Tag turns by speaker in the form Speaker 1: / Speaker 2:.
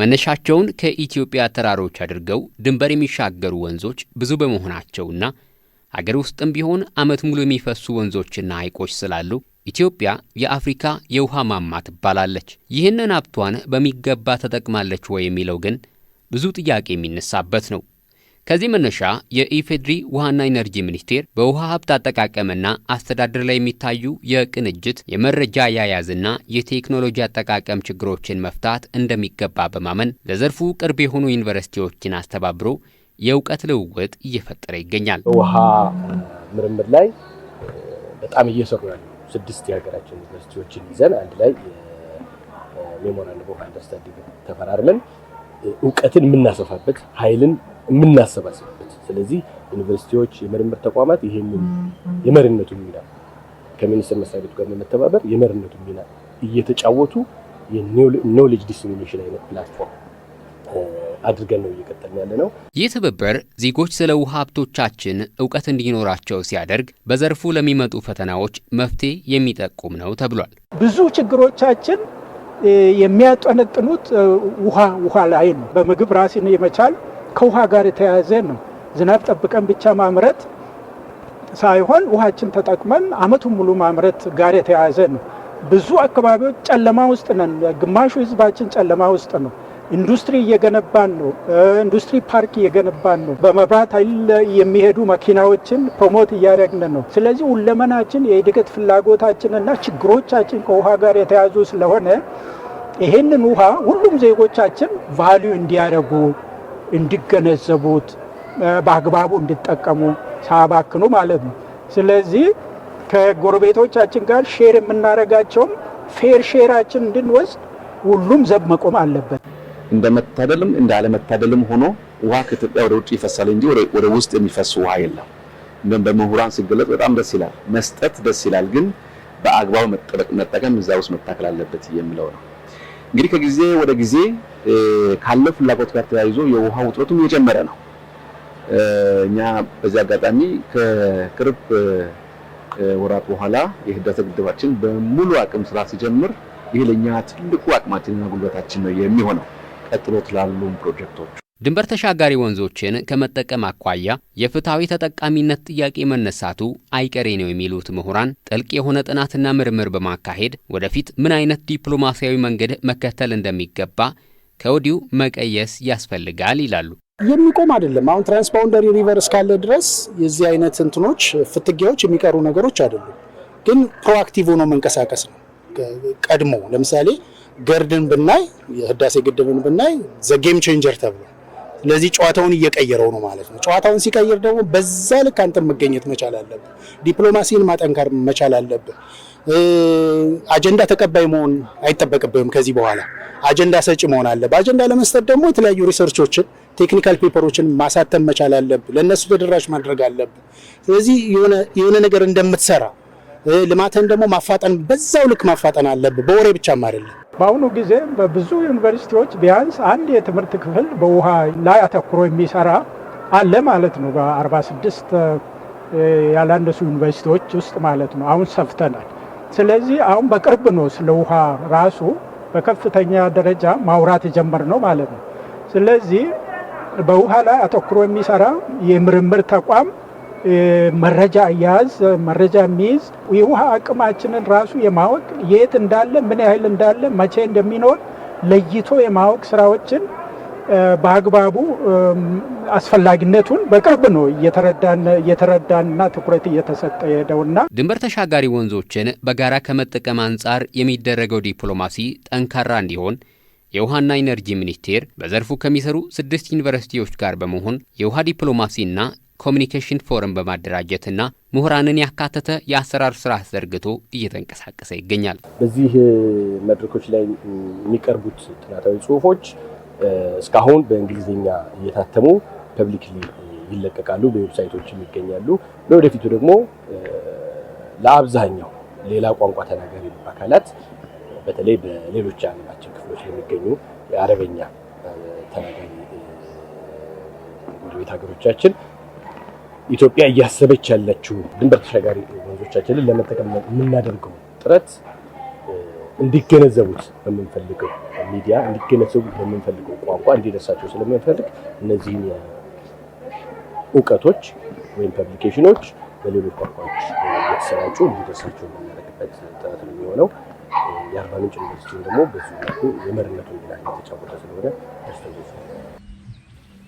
Speaker 1: መነሻቸውን ከኢትዮጵያ ተራሮች አድርገው ድንበር የሚሻገሩ ወንዞች ብዙ በመሆናቸውና አገር ውስጥም ቢሆን ዓመት ሙሉ የሚፈሱ ወንዞችና ሐይቆች ስላሉ ኢትዮጵያ የአፍሪካ የውሃ ማማ ትባላለች። ይህንን ሀብቷን በሚገባ ተጠቅማለች ወይ የሚለው ግን ብዙ ጥያቄ የሚነሳበት ነው። ከዚህ መነሻ የኢፌድሪ ውሃና ኢነርጂ ሚኒስቴር በውሃ ሀብት አጠቃቀምና አስተዳደር ላይ የሚታዩ የቅንጅት የመረጃ አያያዝና የቴክኖሎጂ አጠቃቀም ችግሮችን መፍታት እንደሚገባ በማመን ለዘርፉ ቅርብ የሆኑ ዩኒቨርሲቲዎችን አስተባብሮ የእውቀት ልውውጥ እየፈጠረ ይገኛል።
Speaker 2: በውሃ ምርምር ላይ በጣም እየሰሩ ያሉ ስድስት የሀገራችን ዩኒቨርሲቲዎችን ይዘን አንድ ላይ ሜሞራንድ ኦፍ አንደርስታንዲንግ ተፈራርመን እውቀትን የምናሰፋበት፣ ኃይልን የምናሰባስብበት። ስለዚህ ዩኒቨርሲቲዎች፣ የምርምር ተቋማት ይህንን የመሪነቱ ሚና ከሚኒስትር መስሪያ ቤቱ ጋር በመተባበር የመሪነቱ ሚና እየተጫወቱ የኖሌጅ ዲስሚኔሽን አይነት ፕላትፎርም አድርገን ነው እየቀጠልን ያለ ነው።
Speaker 1: ይህ ትብብር ዜጎች ስለ ውሃ ሀብቶቻችን እውቀት እንዲኖራቸው ሲያደርግ በዘርፉ ለሚመጡ ፈተናዎች መፍትሄ የሚጠቁም ነው ተብሏል።
Speaker 3: ብዙ ችግሮቻችን የሚያጠነጥኑት ውሃ ውሃ ላይ ነው። በምግብ ራስን የመቻል ከውሃ ጋር የተያያዘ ነው። ዝናብ ጠብቀን ብቻ ማምረት ሳይሆን ውሃችን ተጠቅመን አመቱን ሙሉ ማምረት ጋር የተያያዘ ነው። ብዙ አካባቢዎች ጨለማ ውስጥ ነን። ግማሹ ህዝባችን ጨለማ ውስጥ ነው። ኢንዱስትሪ እየገነባን ነው። ኢንዱስትሪ ፓርክ እየገነባን ነው። በመብራት ኃይል የሚሄዱ መኪናዎችን ፕሮሞት እያደረግን ነው። ስለዚህ ሁለመናችን የእድገት ፍላጎታችን እና ችግሮቻችን ከውሃ ጋር የተያዙ ስለሆነ ይህንን ውሃ ሁሉም ዜጎቻችን ቫሊዩ እንዲያደርጉ እንዲገነዘቡት፣ በአግባቡ እንዲጠቀሙ ሳባክኑ ማለት ነው። ስለዚህ ከጎረቤቶቻችን ጋር ሼር የምናደርጋቸውም ፌር ሼራችን እንድንወስድ ሁሉም ዘብ መቆም አለበት።
Speaker 2: እንደመታደልም እንደ አለመታደልም ሆኖ ውሃ ከኢትዮጵያ ወደ ውጭ ይፈሳል እንጂ ወደ ውስጥ የሚፈስ ውሃ የለም። እንደም በምሁራን ሲገለጽ በጣም ደስ ይላል። መስጠት ደስ ይላል፣ ግን በአግባቡ መጠቀም እዛ ውስጥ መታከል አለበት የሚለው ነው። እንግዲህ ከጊዜ ወደ ጊዜ ካለው ፍላጎት ጋር ተያይዞ የውሃ ውጥረቱም እየጨመረ ነው። እኛ በዚህ አጋጣሚ ከቅርብ ወራት በኋላ የህዳሴ ግድባችን በሙሉ አቅም ስራ ሲጀምር ይህ ለኛ ትልቁ አቅማችንና ጉልበታችን ነው የሚሆነው። ቀጥሎ ትላሉ ፕሮጀክቶች
Speaker 1: ድንበር ተሻጋሪ ወንዞችን ከመጠቀም አኳያ የፍትሐዊ ተጠቃሚነት ጥያቄ መነሳቱ አይቀሬ ነው የሚሉት ምሁራን ጥልቅ የሆነ ጥናትና ምርምር በማካሄድ ወደፊት ምን አይነት ዲፕሎማሲያዊ መንገድ መከተል እንደሚገባ ከወዲሁ መቀየስ ያስፈልጋል ይላሉ።
Speaker 3: የሚቆም አይደለም። አሁን ትራንስባውንደሪ ሪቨር እስካለ ድረስ የዚህ አይነት እንትኖች ፍትጊያዎች የሚቀሩ ነገሮች አይደሉም። ግን ፕሮአክቲቭ ሆኖ መንቀሳቀስ ነው። ቀድሞ ለምሳሌ ገርድን ብናይ የህዳሴ ግድብን ብናይ ዘጌም ቼንጀር ተብሎ ስለዚህ ጨዋታውን እየቀየረው ነው ማለት ነው። ጨዋታውን ሲቀይር ደግሞ በዛ ልክ አንተ መገኘት መቻል አለብህ። ዲፕሎማሲን ማጠንከር መቻል አለብህ። አጀንዳ ተቀባይ መሆን አይጠበቅብህም። ከዚህ በኋላ አጀንዳ ሰጪ መሆን አለብህ። አጀንዳ ለመስጠት ደግሞ የተለያዩ ሪሰርቾችን፣ ቴክኒካል ፔፐሮችን ማሳተም መቻል አለብህ። ለእነሱ ተደራሽ ማድረግ አለብህ። ስለዚህ የሆነ ነገር እንደምትሰራ ልማትን ደግሞ ማፋጠን በዛው ልክ ማፋጠን አለብህ። በወሬ ብቻም አይደለም። በአሁኑ ጊዜ በብዙ ዩኒቨርሲቲዎች ቢያንስ አንድ የትምህርት ክፍል በውሃ ላይ አተኩሮ የሚሰራ አለ ማለት ነው። ስድስት ያላነሱ ዩኒቨርሲቲዎች ውስጥ ማለት ነው። አሁን ሰፍተናል። ስለዚህ አሁን በቅርብ ነው ስለ ውሃ ራሱ በከፍተኛ ደረጃ ማውራት የጀመርነው ማለት ነው። ስለዚህ በውሃ ላይ አተኩሮ የሚሰራ የምርምር ተቋም መረጃ አያያዝ መረጃ የሚይዝ የውሃ አቅማችንን ራሱ የማወቅ የት እንዳለ ምን ያህል እንዳለ መቼ እንደሚኖር ለይቶ የማወቅ ስራዎችን በአግባቡ አስፈላጊነቱን በቅርብ ነው እየተረዳንና ትኩረት እየተሰጠ የሄደውና
Speaker 1: ድንበር ተሻጋሪ ወንዞችን በጋራ ከመጠቀም አንጻር የሚደረገው ዲፕሎማሲ ጠንካራ እንዲሆን የውሃና ኢነርጂ ሚኒስቴር በዘርፉ ከሚሰሩ ስድስት ዩኒቨርሲቲዎች ጋር በመሆን የውሃ ዲፕሎማሲና ኮሚኒኬሽን ፎረም በማደራጀትና ምሁራንን ያካተተ የአሰራር ስርዓት ዘርግቶ እየተንቀሳቀሰ ይገኛል።
Speaker 2: በዚህ መድረኮች ላይ የሚቀርቡት ጥናታዊ ጽሁፎች እስካሁን በእንግሊዝኛ እየታተሙ ፐብሊክሊ ይለቀቃሉ፣ በዌብሳይቶችም ይገኛሉ። ለወደፊቱ ደግሞ ለአብዛኛው ሌላ ቋንቋ ተናጋሪ አካላት በተለይ በሌሎች የዓለማችን ክፍሎች ለሚገኙ የአረበኛ ተናጋሪ ቤት ሀገሮቻችን ኢትዮጵያ እያሰበች ያለችው ድንበር ተሻጋሪ ወንዞቻችንን ለመጠቀም የምናደርገው ጥረት እንዲገነዘቡት በምንፈልገው ሚዲያ እንዲገነዘቡት በምንፈልገው ቋንቋ እንዲደርሳቸው ስለምንፈልግ እነዚህን እውቀቶች ወይም ፐብሊኬሽኖች በሌሎች ቋንቋዎች እየተሰራጩ እንዲደርሳቸው የምናደርግበት ጥረት ነው የሚሆነው። የአርባ ምንጭ ዩኒቨርሲቲ ደግሞ በዚህ መልኩ የመሪነቱን ሚና እየተጫወተ ስለሆነ ደስተኞች